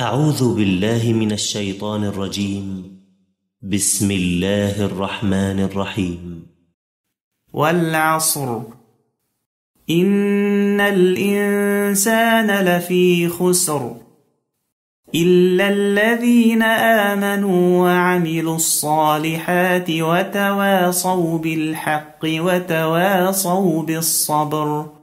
أعوذ بالله من الشيطان الرجيم بسم الله الرحمن الرحيم والعصر إن الإنسان لفي خسر إلا الذين آمنوا وعملوا الصالحات وتواصوا بالحق وتواصوا بالصبر